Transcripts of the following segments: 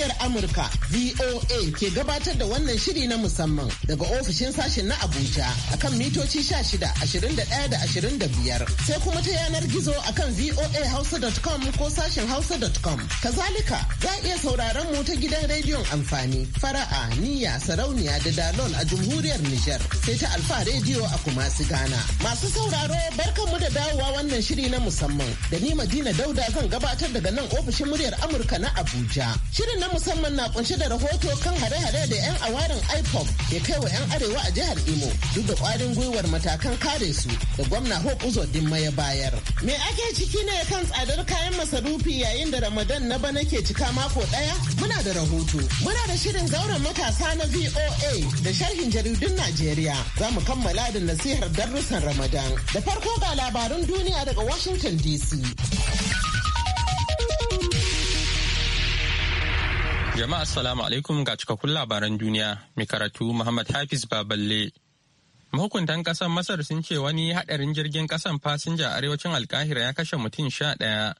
muryar Amurka VOA ke gabatar da wannan shiri na musamman daga ofishin sashen na Abuja akan mitoci 16, 21 da 25 sai kuma ta yanar gizo akan voahausa.com ko sashen hausa.com. Kazalika za iya sauraron mu ta gidan rediyon amfani fara'a niyya sarauniya da dalon a jamhuriyar Nijar sai ta alfa rediyo a kumasi Ghana. Masu sauraro barkanmu da dawowa wannan shiri na musamman da ni Madina Dauda zan gabatar daga nan ofishin muryar Amurka na Abuja. Shirin na musamman na kunshe da rahoto kan hare-hare da 'yan awarin IPOP ke kai wa 'yan arewa a jihar Imo duk da kwarin gwiwar matakan kare su da gwamna Hope ma ya bayar. Me ake ciki ne kan tsadar kayan masarufi yayin da Ramadan na bana ke cika mako daya? Muna da rahoto. Muna da shirin zauren matasa na VOA da sharhin jaridun Najeriya. Za mu kammala da nasihar darussan Ramadan. Da farko ga labarun duniya daga Washington DC. Jama'a assalamu alaikum ga cikakkun labaran duniya mai karatu Muhammad Hafiz Baballe. Mahukuntan ƙasar Masar sun ce wani haɗarin jirgin ƙasan fasinja a arewacin Alkahira ya kashe mutum sha ɗaya.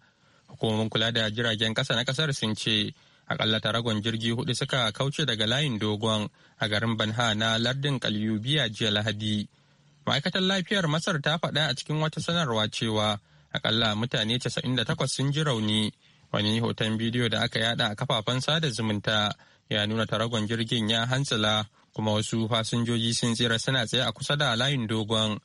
Hukumomin kula da jiragen ƙasa na ƙasar sun ce akalla taragon jirgi hudu suka kauce daga layin dogon a garin Banha na lardin Kalyubiya jiya Lahadi. Ma'aikatar lafiyar Masar ta faɗa a cikin wata sanarwa cewa akalla mutane 98 sun ji rauni wani hoton bidiyo da aka yada a kafafen sada zumunta ya nuna taragon jirgin ya hantsila kuma wasu fasinjoji sun tsira suna tsaye a kusa da layin dogon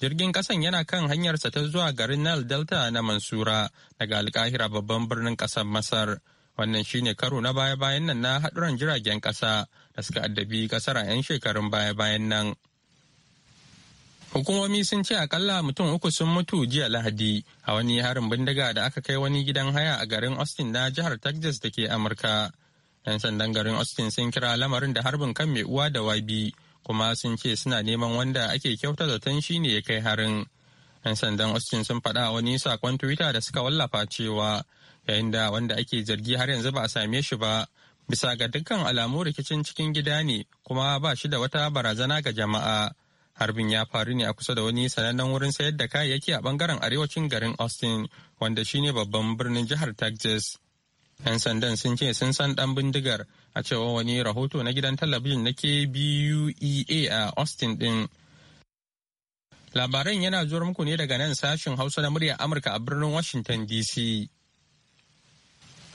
jirgin kasan yana kan hanyarsa ta zuwa garin nal delta na mansura daga alkahira babban birnin kasar masar wannan shine karo na baya-bayan nan na haɗuran jiragen ƙasa da suka addabi ƙasar a 'yan shekarun baya-bayan nan. Hukumomi sun ce akalla mutum uku sun mutu jiya Lahadi a wani harin bindiga da aka kai wani gidan haya a garin Austin na jihar Texas da ke Amurka. 'Yan sandan garin Austin sun kira lamarin da harbin kan mai uwa da wabi kuma sun ce suna neman wanda ake kyauta zaton shi ne ya kai harin. 'Yan sandan Austin sun faɗa wani sakon Twitter da suka wallafa cewa yayin da wanda ake zargi har yanzu ba a same shi ba bisa ga dukkan alamu rikicin cikin gida ne kuma ba shi da wata barazana ga jama'a. Harbin ya faru ne a kusa da wani sanannen wurin sayar da kayayyaki a bangaren arewacin garin Austin, wanda shine babban birnin jihar Texas. 'Yan sandan sun ce sun san dan bindigar a cewa wani rahoto na gidan talabijin na KBUEA a Austin din. Labaran yana zuwa muku ne daga nan sashin Hausa na murya Amurka a birnin Washington DC.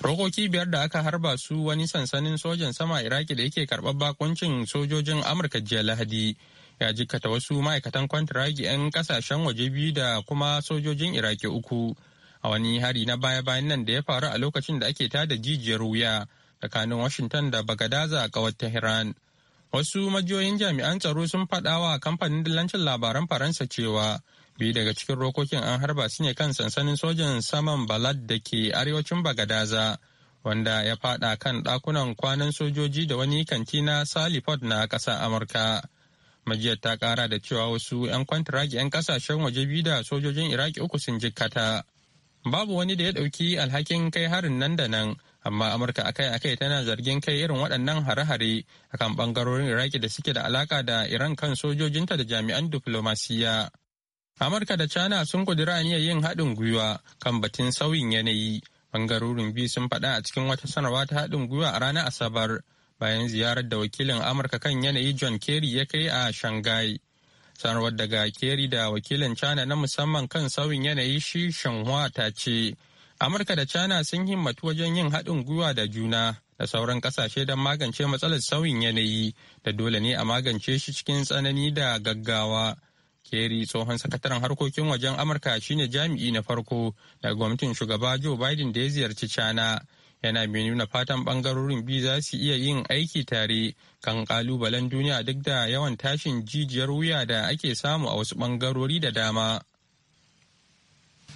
Rokoki biyar da aka harba su wani sansanin sojan sama Iraki da yake karɓar bakuncin sojojin Amurka jiya Lahadi ya jikkata wasu ma'aikatan kwantiragi 'yan kasashen waje biyu da kuma sojojin iraki uku a wani hari na baya-bayan nan da ya faru a lokacin da ake tada jijiyar wuya tsakanin washington da bagadaza a kawar tehran wasu majiyoyin jami'an tsaro sun faɗa wa kamfanin dillancin labaran faransa cewa biyu daga cikin rokokin an harba su ne kan sansanin sojan saman balad da ke arewacin bagadaza wanda ya faɗa kan ɗakunan kwanan sojoji da wani kanti na saliford na ƙasar amurka majiyar ta kara da cewa wasu 'yan kwantiraki 'yan kasashen waje biyu da sojojin iraki uku sun jikkata babu wani da ya ɗauki alhakin kai harin nan da nan amma amurka akai-akai tana zargin kai irin waɗannan hare-hare akan ɓangarorin iraki da suke da alaka da iran kan sojojinta da jami'an diflomasiyya amurka da china sun kudura aniyar yin haɗin gwiwa kan batun sauyin yanayi ɓangarorin biyu sun faɗa a cikin wata sanarwa ta haɗin gwiwa a ranar asabar bayan ziyarar da wakilin amurka kan yanayi john kerry ya kai a shanghai sanarwar daga kerry da wakilin china na musamman kan sauyin yanayi shi shanghua ta ce amurka da china sun himmatu wajen yin haɗin gwiwa da juna da sauran kasashe don magance matsalar sauyin yanayi da dole ne a magance shi cikin tsanani da gaggawa Kerry tsohon sakataren harkokin wajen Amurka shine jami'i na farko daga gwamnatin shugaba Joe Biden da ya ziyarci China yana mai nuna fatan bangarorin biyu za su iya yin aiki tare kan kalubalen duniya duk da yawan tashin jijiyar wuya da ake samu a wasu bangarori da dama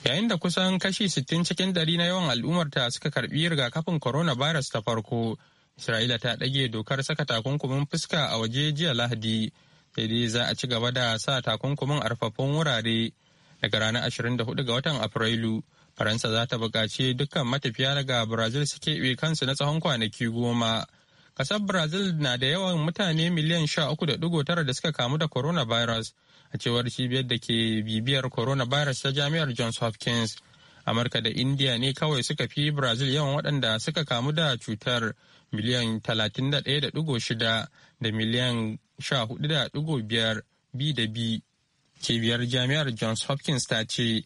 yayin da kusan kashi sittin cikin dari na yawan al'ummar ta suka karbi rigakafin virus ta farko isra'ila ta ɗage dokar saka takunkumin fuska a waje jiya lahadi sai dai za a ci gaba da sa takunkumin a wurare daga ranar 24 ga watan afrilu faransa za ta buƙaci dukkan matafiya daga brazil su keɓe kansu na tsawon kwanaki goma kasar brazil na da yawan mutane miliyan sha uku da digo tara da suka kamu da coronavirus a cewar cibiyar da ke bibiyar coronavirus ta jami'ar johns hopkins amurka da india ne kawai suka fi brazil yawan waɗanda suka kamu da cutar miliyan talatin da ɗaya da digo shida da miliyan sha hudu da digo biyar bi da bi cibiyar jami'ar johns hopkins ta ce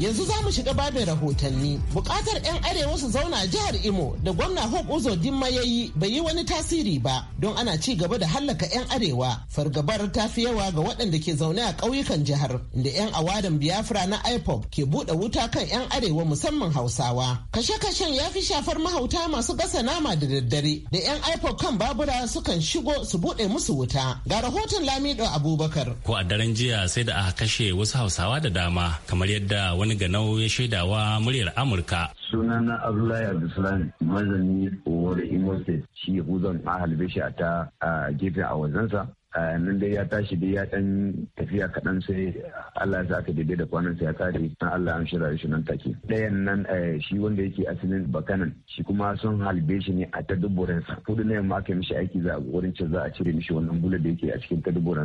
yanzu za mu shiga babin rahotanni bukatar 'yan arewa su zauna jihar imo da gwamna hope uzo dimma ya bai yi wani tasiri ba don ana ci gaba da hallaka 'yan arewa fargabar ta fi yawa ga waɗanda ke zaune a ƙauyukan jihar inda 'yan awadan biafra na ipob ke buɗe wuta kan 'yan arewa musamman hausawa kashe-kashen ya fi shafar mahauta masu gasa nama da daddare da 'yan ipob kan babura sukan shigo su buɗe musu wuta ga rahoton lamido abubakar ko a daren jiya sai da aka kashe wasu hausawa da dama kamar yadda wani wani ganau ya shaidawa muryar Amurka. Sunana Abdullahi Abdulsalam mazani wani Imo State shi Huzon a halbe a ta gefe a wajensa nan dai ya tashi dai ya dan tafiya kaɗan sai Allah ya sa aka daidai da kwanan sai ya kare na Allah an shirya shi nan take ɗayan nan eh, shi wanda yake asalin bakanan shi kuma sun halbe shi ne a sa kudu na ma aka mishi aiki za a wurin ce za a cire mishi wannan bula da yake a cikin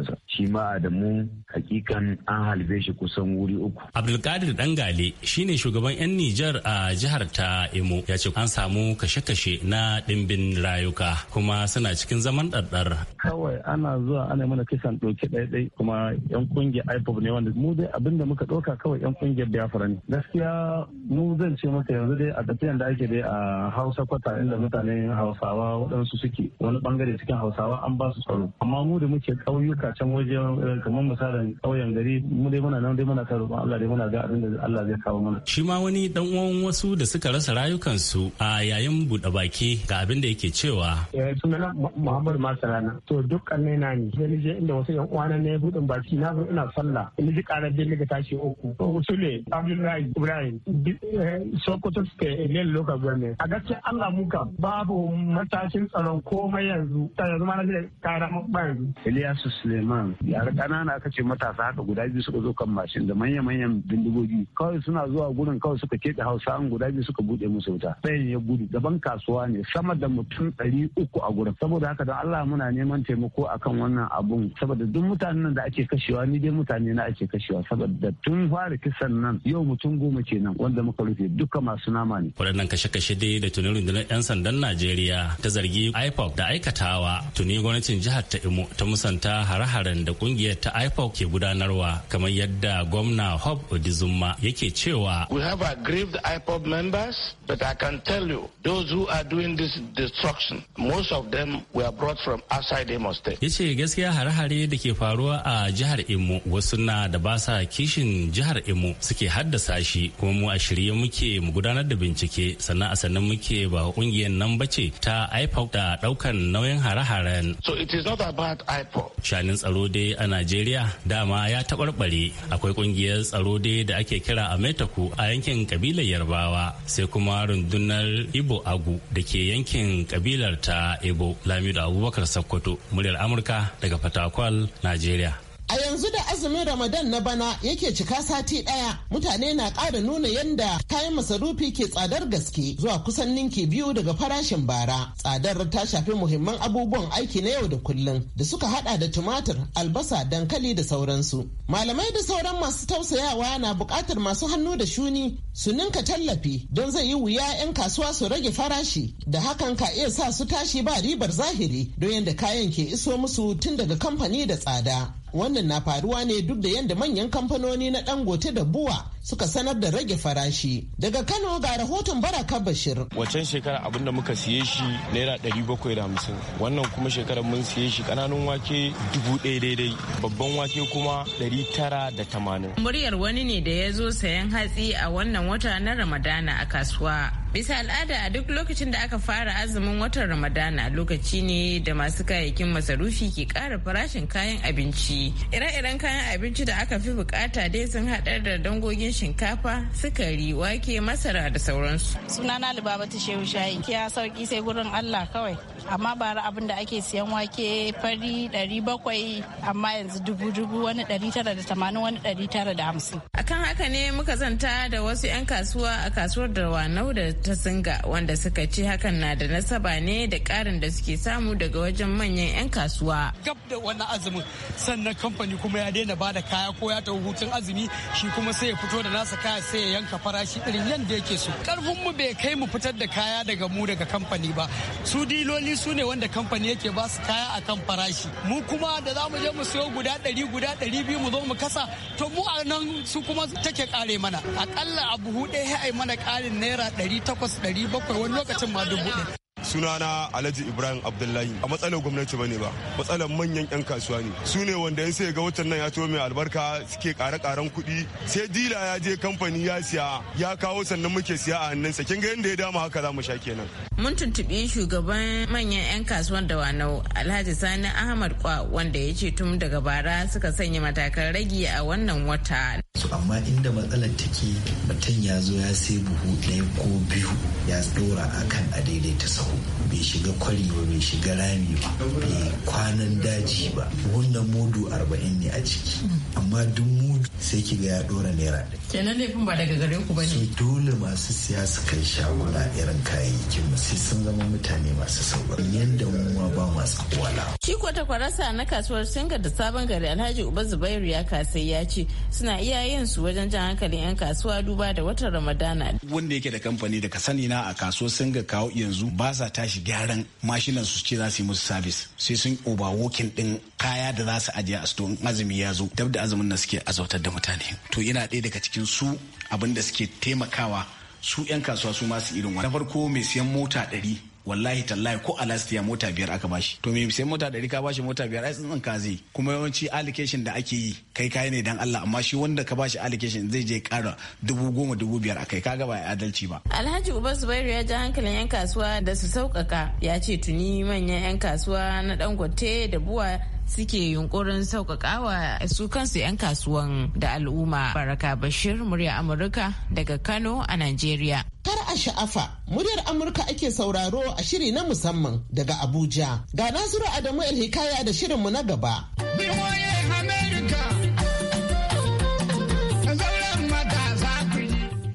sa shi ma da mu hakikan an halbe shi kusan wuri uku Abdulkadir Dangale shine shugaban 'yan Niger a jihar ta Imo ya ce an samu kashe-kashe na ɗimbin rayuka kuma suna cikin zaman ɗarɗar. Kawai ana zuwa cewa ana mana kisan ɗaya ɗaya kuma yan kungiyar IPOP ne wanda mu dai abin da muka ɗauka kawai yan kungiyar Biafra ne. Gaskiya mu zan ce maka yanzu dai a tafiyan da ake dai a Hausa kwata inda mutanen Hausawa waɗansu suke wani bangare cikin Hausawa an ba su tsaro. Amma mu da muke ƙauyuka can wajen eh, kamar misalin ƙauyen gari mu dai muna nan dai muna ta roƙon Allah dai muna ga abin da Allah zai kawo mana. Shi ma wani dan uwan wasu da suka rasa rayukansu a yayin buɗe baki ga abin da yake cewa. Eh, sunana Muhammadu Masarana. To dukkan na bane sai ni je inda wasu yan uwana ne budin baki na zo ina sallah ni ji karar da daga tashi uku to usule abdullahi ibrahim eh, sokoto A eh, ilil local government a gaskiya allah muka babu matashin tsaron komai yanzu ta yanzu ma na je kara ba yanzu iliyasu suleiman yara kanana aka ce matasa haka guda biyu suka zo kan mashin da manya-manyan bindigogi kawai suna zuwa gurin kawai suka keɓe hausa an guda biyu suka buɗe musu wuta ɗayan ya gudu daban kasuwa ne sama da mutum ɗari uku a gurin saboda haka don allah muna neman taimako akan wani wannan abun saboda duk mutanen da ake kashewa ni dai mutane na ake kashewa saboda tun fara kisan nan yau mutum goma kenan wanda muka rufe duka masu nama ne. Waɗannan kashe-kashe dai da tuni rundunar 'yan sandan Najeriya ta zargi ipop da aikatawa tuni gwamnatin jihar ta Imo ta musanta hare-haren da kungiyar ta ipop ke gudanarwa kamar yadda gwamna Hob Odizumma yake cewa. We have aggrieved ipop members but I can tell you those who are doing this destruction most of them were brought from outside Imo state. gaskiya hare-hare da ke faruwa a jihar Imo wasu na da ba sa kishin jihar Imo suke haddasa shi kuma mu a shirye muke mu gudanar da bincike sannan a sannan muke ba kungiyar nan bace ta IPOC da daukan nauyin hare-haren. So it is not about IPOC. Shanin tsaro dai a Najeriya dama ya taɓarɓare akwai kungiyar tsaro dai da ake kira a Metaku a yankin kabilar Yarbawa sai kuma rundunar Ibo Agu da ke yankin kabilar ta Ibo Lamido Abubakar Sokoto muryar Amurka daga fatakwal najeriya A yanzu da azumin Ramadan na bana yake cika sati ɗaya mutane na ƙara nuna yadda kayan masarufi ke tsadar gaske zuwa kusan ninki biyu daga farashin bara. Tsadar ta shafi muhimman abubuwan aiki na yau da kullum da suka hada da tumatir, albasa, dankali da sauransu. Malamai da sauran masu tausayawa na buƙatar masu hannu da shuni su ninka tallafi don zai yi wuya 'yan kasuwa su rage farashi da hakan ka iya sa su tashi ba ribar zahiri don yadda kayan ke iso musu tun daga kamfani da tsada. Wannan na faruwa ne duk da yadda manyan kamfanoni na Dangote da Buwa suka sanar da rage farashi. Daga Kano ga rahoton Baraka Bashir. Wacan shekara abinda muka siye shi naira ɗari bakwai da hamsin. Wannan kuma shekarar mun siye shi ƙananun wake dubu ɗaya daidai babban wake kuma ɗari tara da tamanin. Muryar wani ne da ya zo sayan hatsi a wannan wata na Ramadana a kasuwa. bisa al'ada a duk lokacin da aka fara azumin watan ramadana lokaci ne da masu kayayyakin masarufi ke kara farashin kayan abinci ire-iren kayan abinci da aka fi bukata dai sun haɗar da dangogin shinkafa, sukari, wake, masara da sauransu. Sunana Libaba ta Shehu Shayi, kiya sauki sai gurin Allah kawai. amma bara abin da ake siyan wake fari 700 amma yanzu dubu dubu wani 980 wani 950 akan haka ne muka zanta da wasu 'yan kasuwa a kasuwar da wanau da ta singa wanda suka ce hakan na da nasaba ne da karin da suke samu daga wajen manyan 'yan kasuwa gab da wani azumin sannan kamfani kuma ya daina ba da kaya ko ya tafi hutun azumi shi kuma sai ya fito da nasa kaya sai ya yanka farashi irin yadda yake so karfin mu bai kai mu fitar da kaya daga mu daga kamfani ba su diloli kuɗi su ne wanda kamfani yake ba su kaya a kan farashi mu kuma da za mu je mu siyo guda ɗari guda ɗari biyu mu zo mu kasa to mu a nan su kuma take kare mana aƙalla a buhu ɗaya ya mana ƙarin naira ɗari takwas ɗari bakwai wani lokacin ma dubu ɗaya. sunana alhaji ibrahim abdullahi a matsalar gwamnati bane ba matsalar manyan yan kasuwa ne su ne wanda sai ga watan nan ya ciwo mai albarka suke kare karen kuɗi sai dila ya je kamfani ya siya ya kawo sannan muke siya a sa kin ga yanda ya dama haka za mu sha kenan mun tuntuɓi shugaban manyan 'yan kasuwar da wanau alhaji sani ahmad kwa wanda ya ce tun daga bara suka sanya matakan ragi a wannan wata amma inda matsalar take mutum ya zo ya sai buhu ɗaya ko biyu ya ɗora akan a daidaita sahu bai shiga kwari ba bai shiga rami ba bai kwanan daji ba wannan modu arba'in ne a ciki amma duk mu sai ki ga ya dora naira kenan laifin ba daga gare ku bane ne dole masu siya su kai shaguna irin kayayyakin mu sai sun zama mutane masu sauƙi yanda mu ba masu kwala. shi ko ta kwarasa na kasuwar singa da sabon gari Alhaji Uba Zubairu ya kasai ya ce suna iya yin su wajen jan hankalin yan kasuwa duba da watan Ramadana wanda yake da kamfani da ka sani na a kasuwar singa kawo yanzu ba sa tashi gyaran mashinan su ce za su yi musu sabis sai sun wokin din kaya da za su ajiye a store azumi ya zo dab da azumin na suke azauta tsoratar da mutane to yana ɗaya daga cikin su abin da suke taimakawa su 'yan kasuwa su masu irin wani na farko mai siyan mota ɗari wallahi tallahi ko a last mota biyar aka bashi to me sai mota ɗari ka bashi mota biyar ai tsintsin ka zai kuma yawanci allocation da ake yi kai kai ne dan Allah amma shi wanda ka bashi allocation zai je kara dubu goma dubu biyar akai kaga ba adalci ba Alhaji Uba Zubairu ya ji hankalin yan kasuwa da su sauƙaƙa ya ce tuni manyan yan kasuwa na Dangote da Buwa suke yunkurin sauƙaƙawa su kansu 'yan kasuwan da al'umma. Baraka Bashir, murya Amurka daga Kano a Najeriya. Kar a sha'afa, muryar Amurka ake sauraro a shiri na musamman daga Abuja. Ga Nasiru Adamu hikaya da shirinmu na gaba.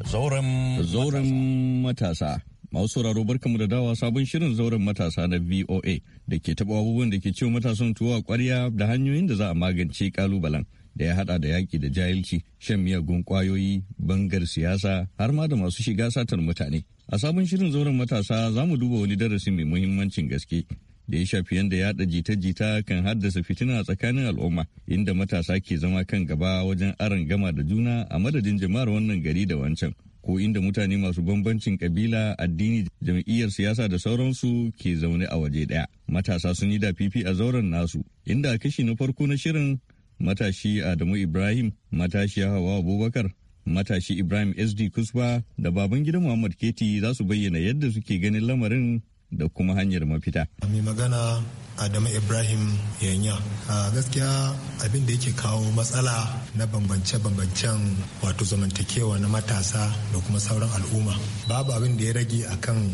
Zauren matasa. Masu sauraro barkamu da dawa sabon shirin zauren matasa na VOA da ke taɓa abubuwan da ke ciwo matasan tuwo a kwarya da hanyoyin da za a magance kalubalen da ya haɗa da yaƙi da jahilci, shan miyagun ƙwayoyi, bangar siyasa har ma da masu shiga satar mutane. A sabon shirin zauren matasa za mu duba wani darasi mai muhimmancin gaske da ya shafi yadda yaɗa jita-jita kan haddasa fitina a tsakanin al'umma inda matasa ke zama kan gaba wajen aron gama da juna a madadin jama'ar wannan gari da wancan. ko inda mutane masu bambancin kabila addini jam'iyyar siyasa da sauransu ke zaune a waje ɗaya matasa sun yi da fifi a zauren nasu inda a kashi na farko na shirin matashi adamu ibrahim matashi hawa abubakar matashi ibrahim sd kusba da baban gida muhammad keti za su bayyana yadda suke ganin lamarin da kuma hanyar mafita. Mai magana Adamu Ibrahim Yanya. A gaskiya abin da yake kawo matsala na bambance-bambancen wato zamantakewa na matasa da kuma sauran al'umma. Babu abin da ya rage akan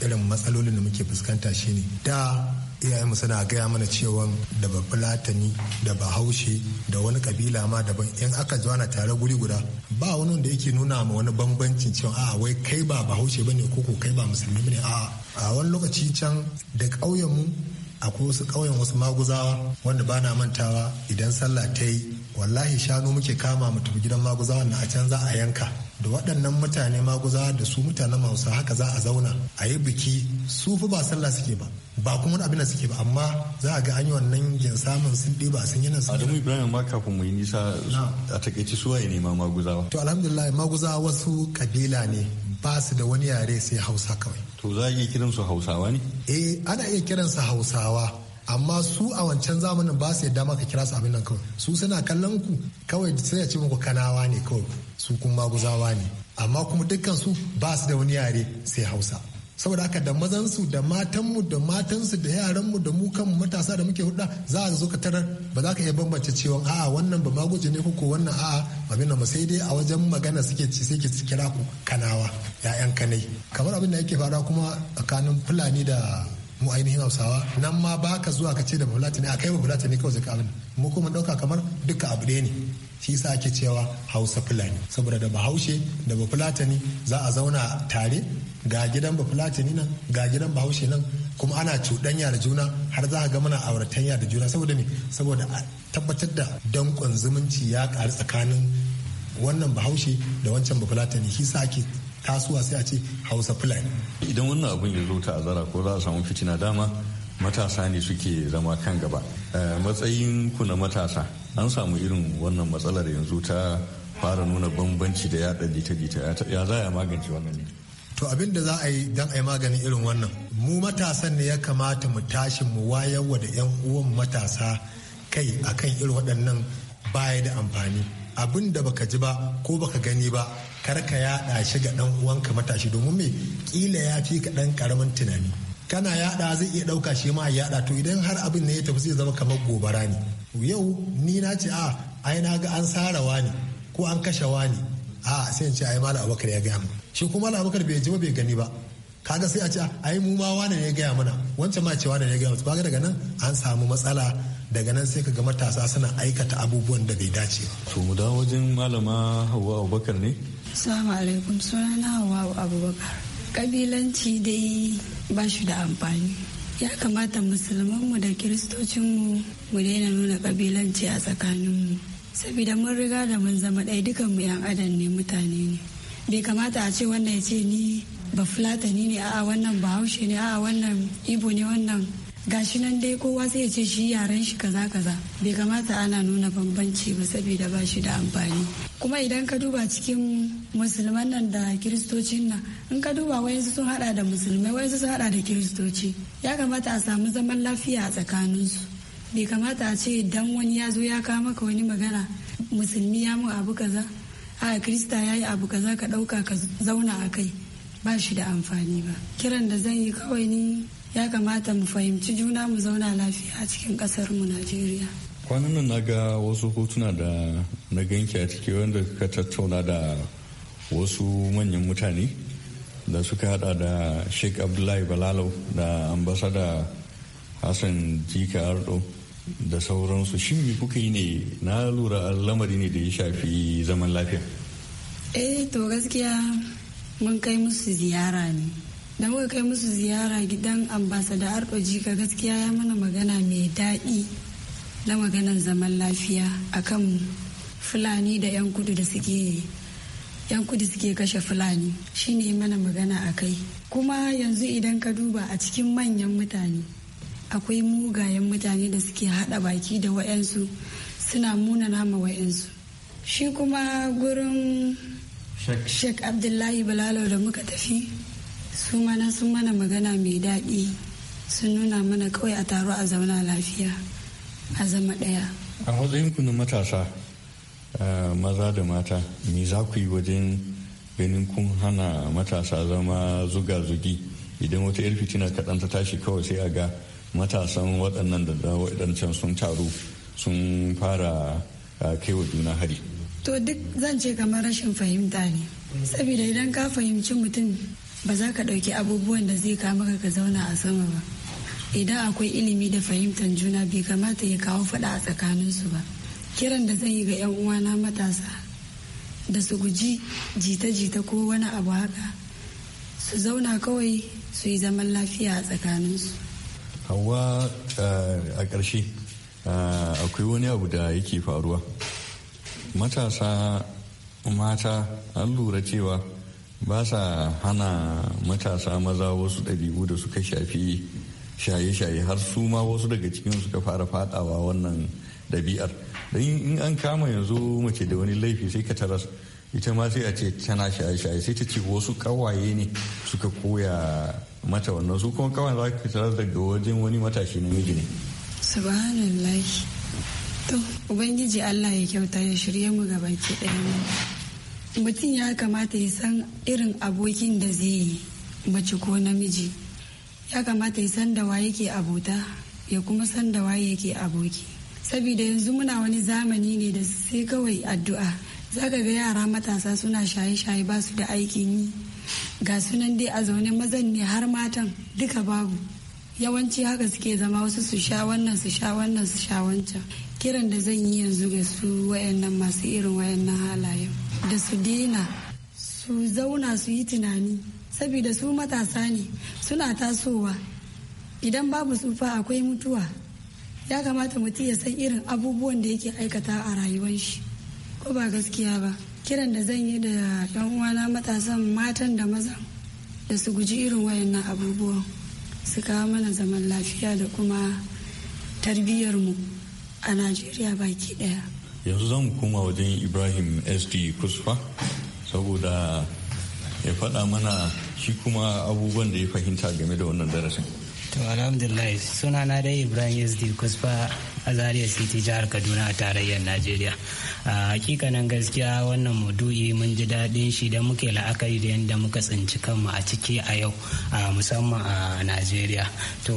irin matsalolin da muke fuskanta shine da iyayenmu suna gaya mana cewa da ba fulatani da ba haushe da wani kabila ma daban in aka zo ana tare guri guda ba wani wanda yake nuna ma wani bambancin cewa a wai kai ba ba haushe bane ko ko kai ba musulmi bane a a wani lokaci can da ƙauyen mu akwai wasu ƙauyen wasu maguzawa wanda ba na mantawa idan sallah ta yi wallahi shanu muke kama mutum gidan maguzawa na a can za a yanka da waɗannan mutane maguza da su mutanen hausa haka za a zauna a yi biki su fi ba sallah suke ba ba kuma wani abin da suke ba amma za a ga an yi wannan yin samun sun ba sun yi nan sun Adamu Ibrahim ma kafin mu yi nisa a takaici waye ne ma maguzawa. To alhamdulillah maguzawa wasu kabila ne ba su da wani yare sai hausa kawai. To za a iya kiransu hausawa ne? Eh ana iya kiransu hausawa amma su a wancan zamanin ba su yadda maka kira su abin nan kawai su suna kallon ku kawai sai ya ce muku kanawa ne kawai su kuma maguzawa ne amma kuma dukkan su ba su da wani yare sai hausa saboda haka da mazansu da matanmu da matansu da yaranmu da mu kanmu matasa da muke hudda za a zo ka tarar ba za ka iya bambance cewa a'a wannan ba maguje ne ko wannan a'a abin nan sai dai a wajen magana suke ci sai ke kira ku kanawa ya'yan kanai kamar abin da yake faruwa kuma tsakanin fulani da mu ainihin hausawa nan ma ba ka zuwa ka ce da bafulatani a kai bafulata ne kawai zaka abin mu kuma ɗauka kamar duka abu ɗaya ne shi sa ake cewa hausa fulani saboda da bahaushe da bafulatani za a zauna tare ga gidan bafulatani nan ga gidan bahaushe nan kuma ana cuɗanya da juna har za a ga mana auratanya da juna saboda ne saboda a tabbatar da danƙon zumunci ya ƙaru tsakanin wannan bahaushe da wancan bafulatani shi sa ake tasuwa sai a ce hausa fulani idan wannan abun ya zo ta azara ko za a samu fitina dama matasa ne suke zama kan gaba eh, matsayin ku na matasa an samu irin wannan matsalar yanzu ta fara nuna bambanci da yaɗa jita-jita ya za a magance wannan ne to abin da za a yi don a yi maganin irin wannan mu matasan ne ya kamata mu tashi mu wayar wa da 'yan uwan matasa kai a kan irin waɗannan baya da amfani abin da baka ji ba ko baka gani ba kar ka yaɗa shi ga ɗan uwanka matashi domin me kila ya fi ka ɗan ƙaramin tunani kana yaɗa zai iya ɗauka shi ma yaɗa to idan har abin ne ya tafi zai zama kamar gobara ne yau ni na ce a ah, ai na ga an sarawa ne ko an kashewa ne a sai in ce ai malam abubakar ya gaya mu shi kuma malam abubakar bai ji ba bai gani ba kaga sai a ce ai mu ma wane ne ya gaya mana wancan ma cewa ne ya gaya ba daga nan an samu matsala daga nan sai kaga matasa suna aikata abubuwan da bai dace ba to mu dawo wajen malama Hauwa Abubakar ne Assalamu alaikum suna na wa Abubakar. Kabilanci dai ba shi da amfani. Ya kamata musulmanmu da kiristocinmu mu daina nuna kabilanci a tsakaninmu. Saboda mun riga da mun zama ɗaya dukan mu 'yan adam ne mutane ne. Bai kamata a ce wannan ya ce ni ba fulatani ne a'a wannan ba haushe ne a'a wannan ibo ne wannan gashi nan dai kowa sai ce shi yaren shi kaza kaza bai kamata ana nuna bambanci ba saboda ba shi da amfani kuma idan ka duba cikin musulman nan da kiristocin nan in ka duba wayansu sun hada da musulmai wayansu sun hada da kiristoci ya kamata a samu zaman lafiya a tsakaninsu bai kamata a ce idan wani ya zo ya kawo maka wani magana musulmi ya mun abu kaza a kirista ya yi abu kaza ka dauka ka zauna a kai ba shi da amfani ba kiran da zan yi kawai ni ya kamata mu fahimci juna mu zauna lafiya a cikin kasar mu najeriya kwanan nan na ga wasu hotuna da na ganki a ciki wanda ka tattauna da wasu manyan mutane da suka hada da sheikh abdullahi balalau da ambasada hassan jika ardo da sauransu shi mai kuka yi ne na lura lamari ne da ya shafi zaman lafiya eh to gaskiya mun kai musu ziyara ne da muka kai musu ziyara gidan ambasada ardo jika gaskiya ya mana magana mai daɗi na maganan zaman lafiya a kan fulani da 'yan kudu da suke yan kudu suke kashe fulani shine mana magana a kai kuma yanzu idan ka duba a cikin manyan mutane akwai mugayen mutane da suke hada baki da wa'yansu suna muna nama wa'yansu shi kuma gurin shek abdullahi balalo da muka tafi su mana sun mana magana mai daɗi sun nuna mana kawai a taro a zauna lafiya a zama ɗaya a matsayinku na matasa eh, maza da mata me za ku yi wajen ganin kun hana matasa zama zuga-zugi idan wata yar fitina kaɗan ta tashi kawai sai a ga matasan waɗannan da waɗancan sun taru sun fara eh, kai wa juna hari to duk zan ce kamar rashin fahimta ne saboda idan ka fahimci mutum ba za ka ɗauki abubuwan da zai kama ka zauna a sama ba idan akwai ilimi da fahimtar juna bai kamata ya kawo faɗa a tsakaninsu ba kiran da zan yi ga 'yan uwana matasa da su guji jita-jita ko wani abu haka su zauna kawai su yi zaman lafiya a tsakaninsu hawa eh, a ƙarshe eh, akwai wani abu da yake faruwa matasa mata an lura cewa ba sa hana matasa maza wasu ɗabi'u da suka shafi shaye-shaye har su ma wasu daga cikin suka fara fadawa wannan ɗabi'ar don in an kama yanzu mace da wani laifi sai ka taras ita ma sai a ce tana shaye-shaye sai ta ce wasu kawaye ne suka koya mata wannan su kuma kawai za ka taras daga wajen wani matashi namiji ne subhanallah to ubangiji allah ya kyauta ya shirya mu gaba ki ɗaya mutum ya kamata ya san irin abokin da zai yi mace ko namiji ya kamata ya san da wa yake abota ya kuma san da wa yake aboki saboda yanzu muna wani zamani ne da sai kawai addu'a za ka ga yara matasa suna shaye-shaye ba su da aikin yi ga sunan dai a zaune mazan ne har matan duka babu yawanci haka suke zama wasu su sha wannan su sha wannan su sha wancan kiran da zan yi yanzu ga su wayannan masu irin wayannan halayen da su dena su zauna su yi tunani saboda su matasa ne suna tasowa idan babu tsufa akwai mutuwa ya kamata mutum ya san irin abubuwan da yake aikata a rayuwar shi ko ba gaskiya ba kiran da zan yi da yan uwana matasan matan da maza da su guji irin wayannan abubuwan su kawo mana zaman lafiya da kuma mu a najeriya baki daya yanzu zan kuma wajen ibrahim sd kusfa saboda ya faɗa mana shi kuma abubuwan da ya fahimta game da wannan darasin to alhamdulillah sunana dai ibrahim sd kusfa a city jihar kaduna a tarayyar najeriya a hakikanin gaskiya wannan maudu'i mun ji daɗin shi da muke la'akari da yadda muka tsinci kanmu a ciki a yau a musamman a najeriya to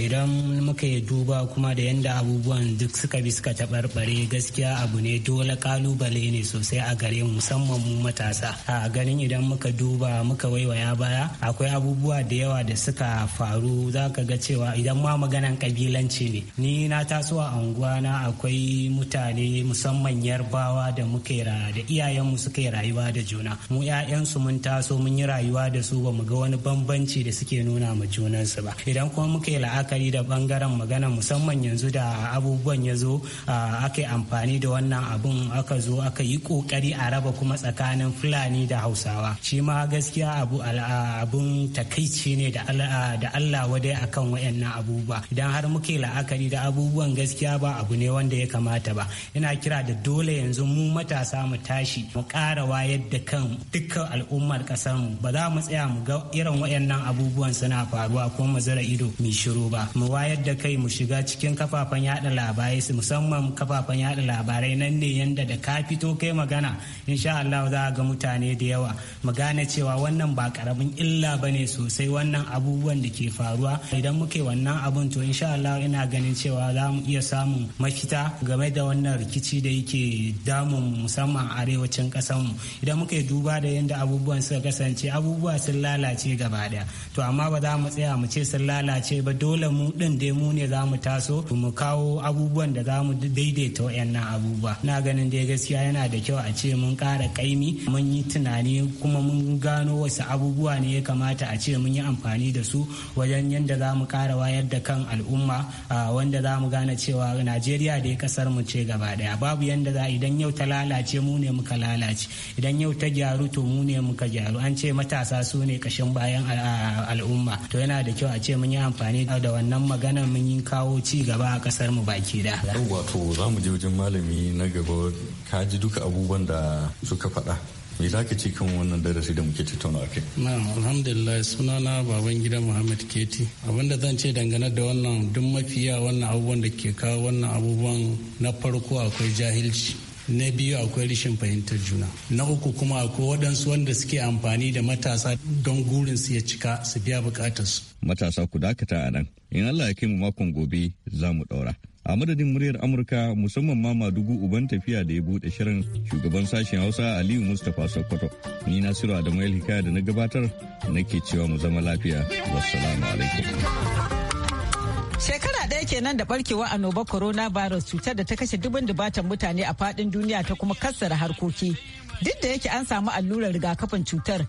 idan muka yi duba kuma da yadda abubuwan duk suka bi suka taɓarɓare gaskiya abu ne dole kalubale ne sosai a gare mu musamman mu matasa a ganin idan muka duba muka waiwaya baya akwai abubuwa da yawa da suka faru za ka ga cewa idan ma maganan kabilanci ne ni na tasowa a unguwana akwai mutane musamman yarbawa da muke da iyayenmu suke rayuwa da juna mu 'ya'yansu mun taso mun yi rayuwa da su ba mu ga wani bambanci da suke nuna ma junansu ba idan kuma muke la'akari da bangaren magana musamman yanzu da abubuwan ya zo aka amfani da wannan abun aka zo aka yi kokari a raba kuma tsakanin fulani da hausawa shi ma gaskiya abu abun takaici ne da Allah wadai akan wayannan abubuwa idan har muke la'akari da abubuwa abubuwan gaskiya ba abu ne wanda ya kamata ba ina kira da dole yanzu mu matasa mu tashi mu kara wayar da kan dukkan al'ummar ƙasar mu ba za mu tsaya mu ga irin waɗannan abubuwan suna faruwa ko mu zira ido mu shiru ba mu wayar da kai mu shiga cikin kafafen yada labarai musamman kafafen yada labarai nan ne yanda da ka fito kai magana insha Allah za ga mutane da yawa mu gane cewa wannan ba karamin illa bane sosai wannan abubuwan da ke faruwa idan muke wannan abun to insha Allah ina ganin cewa za mu iya samun mafita game da wannan rikici da yake damun musamman arewacin mu idan muka yi duba da yadda abubuwan suka kasance abubuwa sun lalace gaba daya to amma ba za mu tsaya mu ce sun lalace ba dole mu din dai mu ne za mu taso mu kawo abubuwan da za mu daidaita wayannan abubuwa na ganin dai gaskiya yana da kyau a ce mun kara kaimi mun yi tunani kuma mun gano wasu abubuwa ne ya kamata a ce mun yi amfani da su wajen yadda za mu kara wayar da kan al'umma wanda za mu gane cewa najeriya da kasar mu ce gaba daya babu yadda za idan yau ta lalace mu ne muka lalace idan yau ta gyaru to mu ne muka gyaru an ce matasa su ne kashin bayan al'umma to yana da kyau a ce mun yi amfani da wannan magana mun yi kawo ci gaba a kasar mu baki da wato za mu je wajen malami na gaba ka ji duka abubuwan da suka faɗa me za ka ce kan wannan darasi da muke tattauna kai na alhamdulillah sunana baban gida muhammad keti abinda zan ce dangane da wannan duk mafiya wannan abubuwan da ke kawo wannan abubuwan na farko akwai jahilci na biyu akwai rashin fahimtar juna na uku kuma akwai waɗansu wanda suke amfani da matasa don gurin su ya cika su biya bukatarsu matasa ku dakata a nan in allah ya kai mu makon gobe za mu ɗaura a madadin muryar amurka musamman ma madugu uban tafiya da ya bude shirin shugaban sashen hausa aliyu mustapha sokoto ni nasiru adamu hikaya da na gabatar nake cewa mu zama lafiya wassalamu alaikum Shekara ɗaya kenan da barkewa Corona Virus cutar da ta kashe dubin dubatan mutane a faɗin duniya ta kuma kassara harkoki. Duk da yake an samu allurar rigakafin cutar,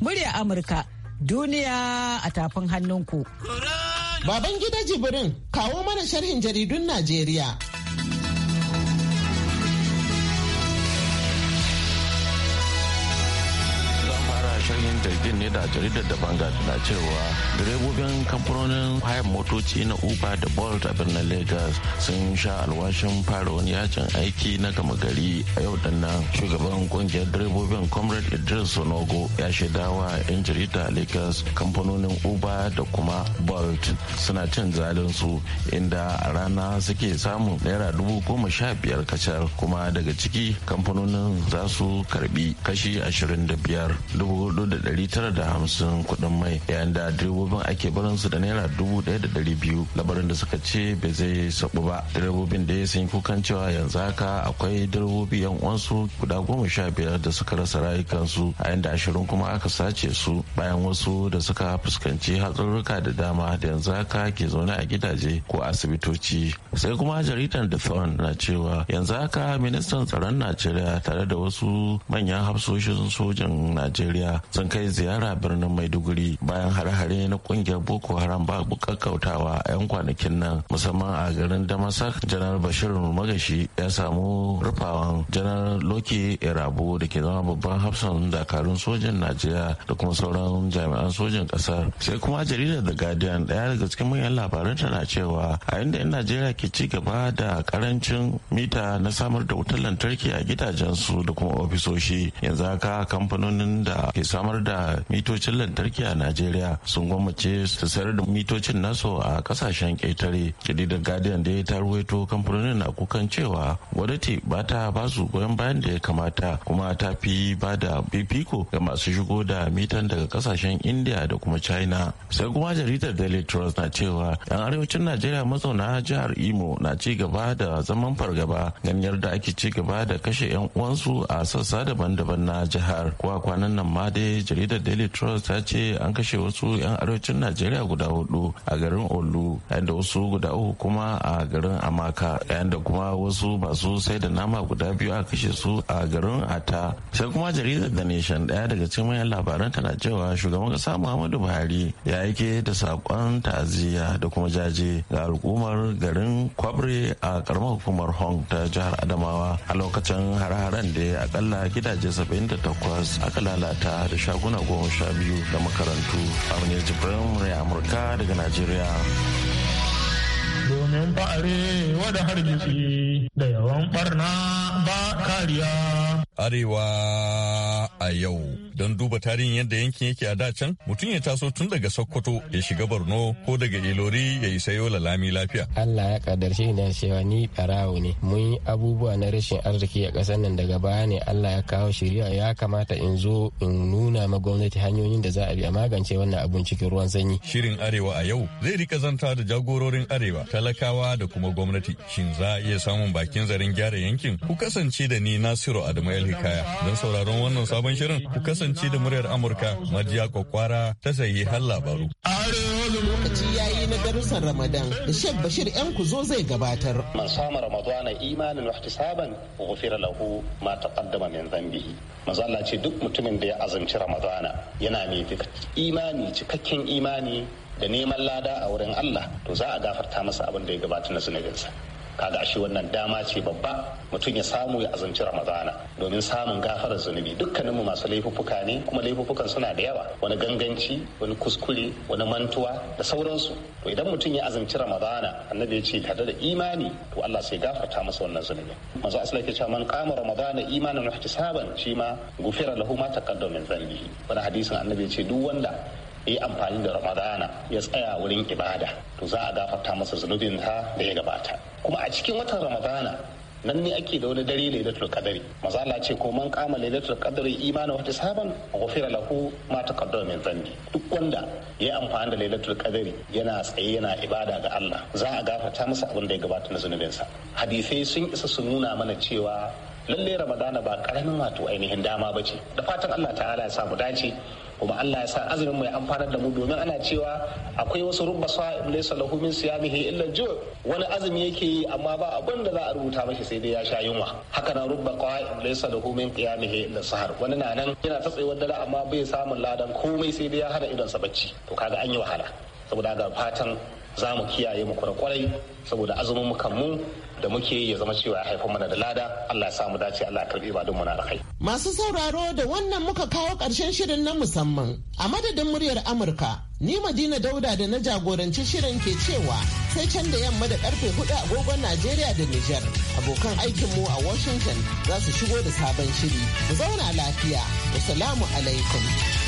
murya Amurka duniya a tafin hannunku. Baban gida jibirin kawo mana sharhin jaridun Najeriya. zargin ne da jaridar da banga na cewa direbobin kamfanonin hayan motoci na uber da bolt a birnin lagos sun sha alwashin fara wani yakin aiki na gama gari a yau da nan shugaban kungiyar direbobin comrade idris sonogo ya shaidawa yan jarida a lagos kamfanonin uber da kuma bolt suna cin zalin su inda a rana suke samun naira dubu goma sha biyar kacar kuma daga ciki kamfanonin za su karbi kashi ashirin da biyar dubu hudu da da hamsin kuɗin mai yayin da direbobin ake barin su da naira dubu da biyu labarin da suka ce bai zai sabu ba direbobin da ya sun kukan cewa yanzu haka akwai direbobi yan uwansu guda goma sha biyar da suka rasa rayukansu a yanda ashirin kuma aka sace su bayan wasu da suka fuskanci hatsarurruka da dama da yanzu haka ke zaune a gidaje ko asibitoci sai kuma jaridar the thorn na cewa yanzu haka ministan tsaron najeriya tare da wasu manyan hafsoshin sojan najeriya sun kai ziyara birnin maiduguri bayan hare-hare na kungiyar boko haram ba kakkautawa a 'yan kwanakin nan musamman a garin damasak janar bashir magashi ya samu rufawan janar loki irabu da ke zama babban hafsan dakarun sojan najeriya da kuma sauran jami'an sojan kasar sai kuma jaridar the guardian daya daga cikin manyan ta na cewa a inda 'yan najeriya ke ci gaba da karancin mita na samar da wutar lantarki a gidajensu da kuma ofisoshi yanzu haka kamfanonin da ke samar da da mitocin lantarki a najeriya sun gwammace su sayar da mitocin nasu a kasashen ƙetare jaridar guardian da ya tarwaito kamfanonin na kukan cewa gwamnati ba ta ba su goyon bayan da ya kamata kuma ta fi ba da fifiko ga masu shigo da mitan daga kasashen india da kuma china sai kuma jaridar daily trust na cewa yan arewacin najeriya mazauna jihar imo na ci gaba da zaman fargaba ganyar da ake ci gaba da kashe yan uwansu a sassa daban-daban na jihar kuwa kwanan nan ma dai jaridar daily trust ta ce an kashe wasu 'yan arewacin najeriya guda hudu a garin olu yayin da wasu guda uku kuma a garin amaka yayin da kuma wasu masu sai da nama guda biyu a kashe su a garin ata sai kuma jaridar da nation daya daga cikin manyan labaran tana cewa shugaban kasa muhammadu buhari ya yi ke da saƙon ta'aziyya da kuma jaje ga al'ummar garin kwabre a karamar hukumar hong ta jihar adamawa a lokacin hare-haren da akalla gidaje 78 aka lalata da shagon. shaguna goma sha biyu da makarantu wani jibrin murai amurka daga najeriya domin fa'are da hargitsi da yawan barna ba kariya Arewa a yau. Don duba tarihin yadda yankin yake a dacan mutum ya taso tun daga Sokoto ya shiga Borno ko daga Ilori ya isa Yola lami lafiya. Allah ya kadarce da cewa ni barawo ne. Mun yi abubuwa na rashin arziki a ƙasar nan daga baya ne Allah ya kawo shirya ya kamata in zo in nuna ma gwamnati hanyoyin da za a bi a magance wannan abun cikin ruwan sanyi. Shirin Arewa a yau zai rika zanta da jagororin Arewa talakawa da kuma gwamnati. Shin za a iya samun bakin zarin gyara yankin? Ku kasance da ni Nasiru Adamu kaya Don sauraron wannan sabon shirin ku kasance da muryar Amurka Majiya Kwakwara ta sayi har labaru. Lokaci ya yi na darussan Ramadan da Sheikh Bashir ‘yan zo zai gabatar. Man sama Ramadana imanin wahtisaban ghufira lahu ma taqaddama min zambi Manzo Allah ce duk mutumin da ya azumci Ramadana yana mai imani cikakken imani da neman lada a wurin Allah to za a gafarta masa abin da ya gabata na zunubinsa. kaga ashe wannan dama ce babba mutum ya samu ya azanci ramadana domin samun gafarar zunubi dukkaninmu masu laifuffuka ne kuma laifuffukan suna da yawa wani ganganci wani kuskure wani mantuwa da sauransu to idan mutum ya azanci ramadana annabi ya ce kada da imani to Allah sai gafarta masa wannan zunubi manzo asali ke cewa man qama ramadana imanan wa ihtisaban shi ma gufira lahu ma taqaddama min dhanbihi wani hadisin annabi ya ce duk wanda yi amfani da ramadana ya tsaya wurin ibada to za a gafarta masa zunubin ta da ya gabata kuma a cikin watan ramadana nan ne ake da wani dare lailatul kadari. mazala ce ko man kama lailatul qadari imanin wata saban ghufira lahu ma taqaddama min dhanbi duk wanda ya amfani da lailatul kadari yana tsaye yana ibada ga Allah za a gafarta masa abin da ya gabata na zunubin sa. hadisai sun isa su nuna mana cewa lalle ramadana ba karamin wato ainihin dama bace da fatan Allah ta'ala ya samu dace kuma Allah ya sa azumin mai amfanar da mu domin ana cewa akwai wasu rubba sa'im laysa lahu min siyamihi illa ju' wani azumi yake yi amma ba abin da za a rubuta mashi sai dai ya sha yunwa haka na rubba qa'im laysa lahu min qiyamihi illa sahar wani na nan yana ta tsayuwar dare amma bai samun ladan komai sai dai ya hada idan sa bacci to kaga an yi wahala saboda ga fatan za mu kiyaye mu kwarai saboda azumin mu da muke yi ya zama cewa ya haifar mana da lada Allah samu dace Allah ya karbi ba mu na kai. masu sauraro da wannan muka kawo karshen shirin na musamman a madadin muryar Amurka ni Madina Dauda da na jagoranci shirin ke cewa sai can da yamma da karfe hudu agogon Najeriya da Nijar abokan aikin mu a Washington za su shigo da sabon shiri mu zauna lafiya salamu alaikum